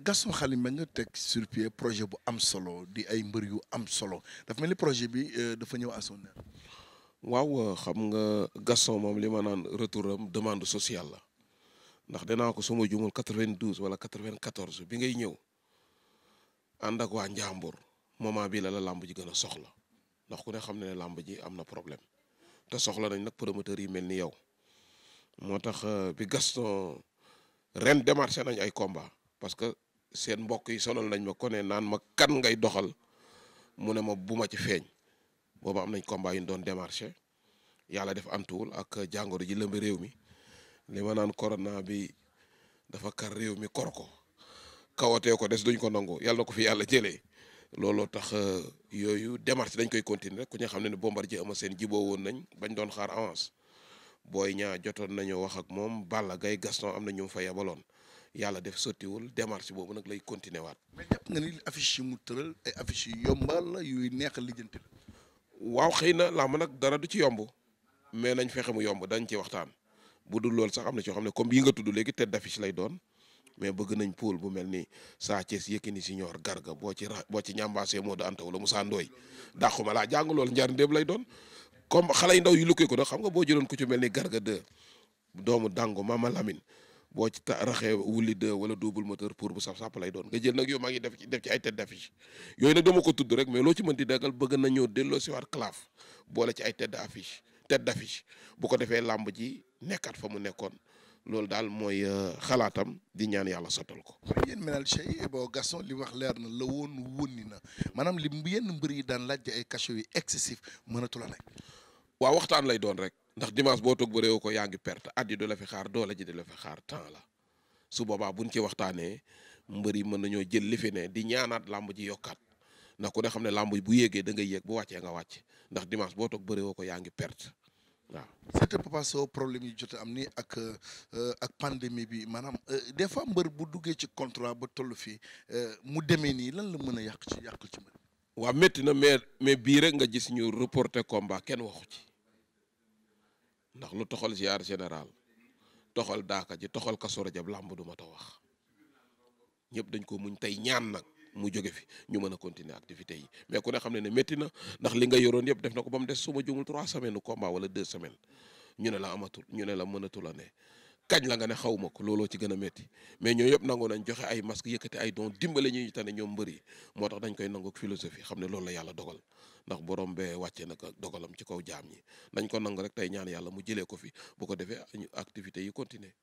Gaston Khalim nga teg sur pied projet bu am solo di ay mbër yu am solo dafa mel ni projet bi euh, dafa ñëw à son heure waaw euh, xam nga Gaston moom li ma naan retour am demande sociale la ndax danaa ko suma jumul 92 wala 94 bi ngay ñëw ànd ak waa Njàmbur moment bii lala la ji gën a soxla ndax ku ne xam ne ne làmb ji am na problème te soxla nañ nag promoteurs yi mel ni yow moo tax euh, bi Gaston ren démarché nañ ay combat parce que seen mbokk yi sonal nañ ma kone naan ma kan ngay doxal mu ne ma bu ma ci feeñ boobu am nañ combat yu doon démarché yàlla def antuwul ak jàngoro ji lëmb réew mi li ma naan corona bi dafa kar réew mi koroko kawatee ko des duñ ko nangu yàlla ko fi yàlla jëlee looloo tax euh, yooyu démarche dañ koy continuer rek ku ñu xam ne ne Bombardier Eumeu Sène jiboo woon nañ bañ doon xaar avance booy ñaa jotoon nañu wax ak moom bala gay Gaston am na ñu fa yebaloon yàlla def sottiwul démarche boobu nag lay continuer waat. mais jàpp nga ni affiche yi mu tëral ay affiche yu yombal yuy neex a lijjanti la. waaw xëy na làmb nag dara du ci yomb mais nañ fexe mu yomb dañ ci waxtaan bu du loolu sax am na ci xam ne comme yi nga tudd léegi tête d'affiche lay doon mais bëgg nañ puul bu mel ni Sa Thiès Yékini Senior Garga boo ci boo ci ñambaasee Modou Anta wala Moussa Ndoye dàquma laa jàng loolu njar ndéem lay doon comme xale yu ndaw yu lukkee ko nag xam nga boo jëloon ku ci mel ni Garga 2 doomu dango Mama Lamine boo ci ta raxee wuli deux wala double moteur pour bu saf sàpp lay doon nga jël nag yow maa ngi def ci def ci ay tête d'affiche yooyu nag dama ko tudd rek mais loo ci mën di daggal bëgg nañoo delloo siwaat claf boole ci ay tête d'affiche tête d'affiche bu ko defee làmb ji nekkaat fa mu nekkoon loolu daal mooy euh, xalaatam di ñaan yàlla sottal ko. yéen menal Cheikh boo Gaston li wax leer na la woon wónni na maanaam li yenn mbër yi daan laaj ay cachets yu excessif mënatul a waaw waxtaan lay doon rek. ndax dimanche boo toog ba réew ko yaa ngi perte at yi du la fi xaar doole ji du la fi xaar temps la su boobaa buñ ci waxtaanee mbër yi mën nañoo jël li fi ne di ñaanaat làmb ji yokkaat ndax ku ne xam ne làmb bu yéegee da ngay yéeg bu wàccee nga wàcc ndax dimanche boo toog ba réew ko yaa ngi perte. waaw c'était Papa Sow problème yi jot am ni ak euh, ak pandémie bi maanaam euh, des fois mbër bu duggee ci contrat ba toll fii euh, mu demee nii lan la mën a yàq ci yàq ci mbër. waaw métti na mais mais bii rek nga gis ñu reporter combat kenn waxu ci ndax lu toxal ziar général toxal daaka ji toxal Kazu Rajab làmb du ma ta wax ñëpp dañ ko muñ tey ñaan nag mu jóge fi ñu mën a continuer activité yi mais ku ne xam ne ne métti na ndax li nga yoroon yëpp def na ko ba mu des su ma jumul trois semaines nu combat wala deux semaines ñu ne la amatul ñu ne la mënatul a ne kañ la nga ne xaw ma ko looloo ci gën a métti mais ñoo yëpp nangu nañ joxe ay masque yëkkati ay don dimbale ñuy tane ñoom mbër yi moo tax dañ koy nangu philosophie xam ne loolu la yàlla dogal ndax borom bee wàcce nag dogalam ci kaw jaam ñi nañ ko nangu rek tey ñaan yàlla mu jëlee ko fi bu ko defee activité yi continuer